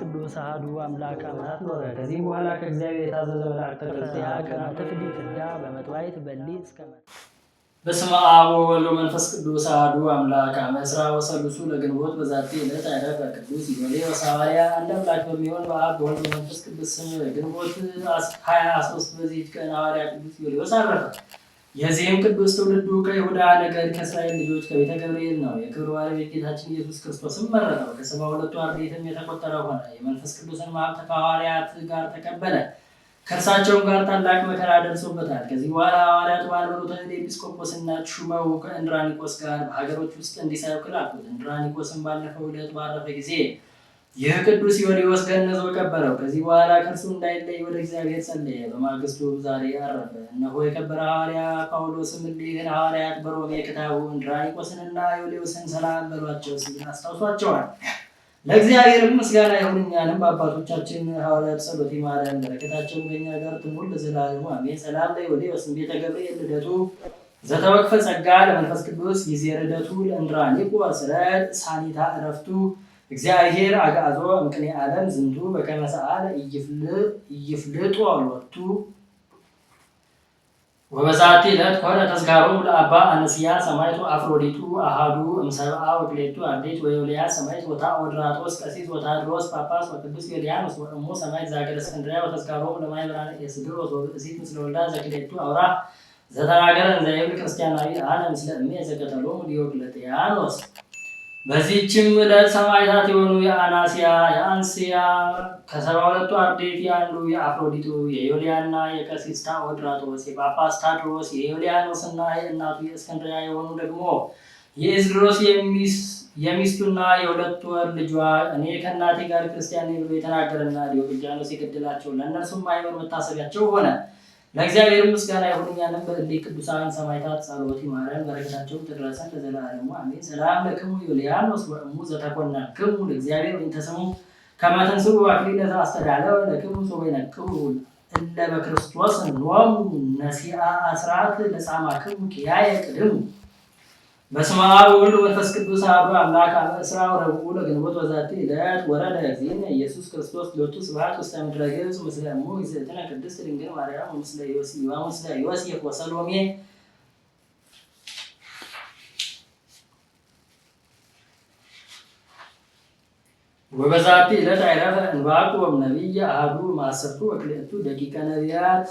ቅዱስ አህዱ አምላክ አማት ኖረ። ከዚህ በኋላ ከእግዚአብሔር የታዘዘ መልአክ ተቀጽያ ከናተፍ ዲትዳ በመጥዋይት በሊ እስከመ በስመ አብ ወወልድ ወመንፈስ ቅዱስ አሐዱ አምላክ አመ አመስራ ወሰሉሱ ለግንቦት በዛቲ ዕለት አረፈ ቅዱስ ዮሴፍ ወሰማርያ። አንድ አምላክ በሚሆን በአብ በወልድ በመንፈስ ቅዱስ ስም ግንቦት ሀያ ሦስት በዚህች ቀን ሐዋርያ ቅዱስ ዮሴፍ አረፈ። የዚህም ቅዱስ ትውልዱ ከይሁዳ ነገድ ከእስራኤል ልጆች ከቤተ ገብርኤል ነው። የክብር ባለቤት ጌታችን ኢየሱስ ክርስቶስም መረጠው። ከሰባ ሁለቱ አርድእትም የተቆጠረ ሆነ። የመንፈስ ቅዱስን ሀብት ከሐዋርያት ጋር ተቀበለ። ከእርሳቸውም ጋር ታላቅ መከራ ደርሶበታል። ከዚህ በኋላ ሐዋርያት ባልበሩትን ኤጲስቆጶስና ሹመው ከእንድራኒቆስ ጋር በሀገሮች ውስጥ እንዲሰብክ ላኩት። እንድራኒቆስን ባለፈው ዕለት ባረፈ ጊዜ የቅዱስ ቅዱስ ዮልዮስ ገነዞ ቀበረው። ከዚህ በኋላ ከእርሱ እንዳይለይ ወደ እግዚአብሔር ጸለየ። በማግስቱ ዛሬ አረፈ። እነሆ የከበረ ሐዋርያ ጳውሎስም እንዲህን ሐዋርያት በሮሜ ክታቡ ድራኒቆስንና ዮልዮስን ሰላም በሏቸው ሲል አስታውሷቸዋል። ለእግዚአብሔርም ምስጋና ይሁን፣ እኛንም በአባቶቻችን ሐዋርያት ጸሎት ይማረን፣ በረከታቸው በኛ ጋር ትሙል ለዘላለሙ አሜን። ሰላም ለዮልዮስ ቤተ ገብርኤል ልደቱ ዘተወክፈ ጸጋ ለመንፈስ ቅዱስ ጊዜ ርደቱ ለእንድራኒቆስ ስለ ሳኒታ እረፍቱ እግዚአብሔር አጋዞ እምቅኔ ዓለም ዝንቱ በከመ ሰአለ ኢይፍልጡ ሎቱ ወበዛቲ ዕለት ኮነ ተዝካሮሙ ለአባ አንስያ ሰማይቱ አፍሮዲቱ አሃዱ እምሰብአ ወክሌቱ አርድእት ወዮልያ ሰማይት ወታ ወድራጦስ ቀሲስ ወታድሮስ ጳጳስ ወቅዱስ ጌልያኖስ ወእሞ ሰማዕት ዛገረ እስክንድርያ ወተዝካሮሙ ለማኅበራነ የስድር ወዘውእሲት ምስለ ወልዳ ዘክሌቱ አውራ ዘተናገረ እንዘ ክርስቲያናዊ አነ ምስለ እሜ ዘቀተሎሙ ዲዮቅልጥያኖስ በዚህችም ዕለት ሰማዕታት የሆኑ የአናስያ፣ የአንስያ ከሰባ ሁለቱ አርድእት አንዱ የአፍሮዲጡ፣ የዮልያና የቀሲስ ታኦድራጦስ፣ የጳጳስ ታድሮስ፣ የዮልያኖስና የእናቱ የእስክንድሪያ የሆኑ ደግሞ የኢዝድሮስ የሚስቱና የሁለቱ ወር ልጇ እኔ ከእናቴ ጋር ክርስቲያን ብሎ የተናገረና ዲዮቅልጥያኖስ የገደላቸው ለእነርሱም አይበር መታሰቢያቸው ሆነ። ለእግዚአብሔር ምስጋና ይሁን። እኛንም በዕሌ ቅዱሳን ሰማዕታት ጸሎት ይማረን፣ በረከታቸው ትድረሰን ለዘላለሙ አሜን። ሰላም ለክሙ ዩልያኖስ ወእሙ ክሙ ለእግዚአብሔር ወንተሰሙ ከመ ትንሥኡ አክሊለ ዘአስተዳለወ ለክሙ ክሙ እለ በክርስቶስ ኖሙ ነሲአ አስራት ለጻማክሙ ኪያየ ቅድሙ በስመ አብ ወወልድ ወመንፈስ ቅዱስ አሐዱ አምላክ አመ እስራ ወረቡዕ ለግንቦት በዛቲ ዕለት ወረደ እግዚእነ ኢየሱስ ክርስቶስ ሎቱ ስብሐት ውስተ ምድረ ገጽ ምስለ እሙ ይእዜጥነ ቅድስት ድንግል ማርያም ምስለ ዮሴፍ ወሰሎሜ ወበዛቲ ዕለት አይረፈ እንባቆም ነቢየ አሐዱ እምዐሠርቱ ወክልኤቱ ደቂቀ ነቢያት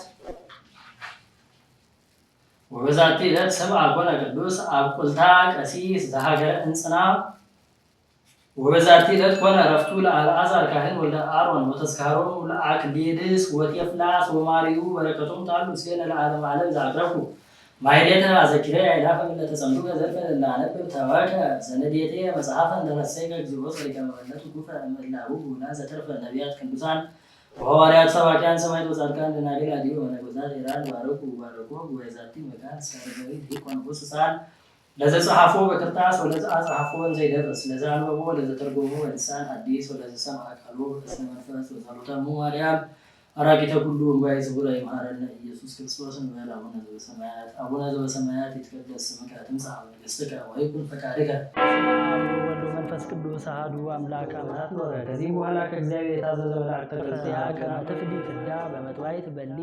وبذات ذات سبع كنا قدوس أب كل ذاك أسيس ذا هجر إنسان وبذات ذات كنا رفتو لعل أزار كهل ولا أرون متسكارو ولا أكديدس وتيف ناس وماريو بركتهم تعلو سين العالم على ذا غرفو ما يديت على ذكرى إلى فمن لا تسمعه ذلك لا نبي تواك سنديته مصحفا درس سيجك زوج لكم ولا تكوفا من النبيات كنوسان በሐዋርያት ሰባኪያን ሰማዕታት ወጻድቃን ደናግል አድኅቡ መነኮሳት ሄራን ባረኩ ባረኮ ጉባኤ መካን ሰረጋዊ ዲቆንቆስ ሳል ለዘ በክርታስ ወለዘ አጽሐፎ ዘይደርስ ለዘ አንበቦ ለዘ አዲስ ወለዘ ቃሎ በስመ መንፈስ ወጸሎተሙ ማርያም አራቂተ ኩሉ እንባይ ስቡራ ይማረነ ኢየሱስ ክርስቶስ እንበል አቡነ ዘበሰማያት አቡነ ዘበሰማያት ይትቀደስ ስምከ ትምጻእ መንግሥትከ ወይኩን ፈቃድከ ቅዱስ አህዱ አምላክ አማት ከዚህ በኋላ ከእግዚአብሔር የታዘዘ መልአክ ተከተለ።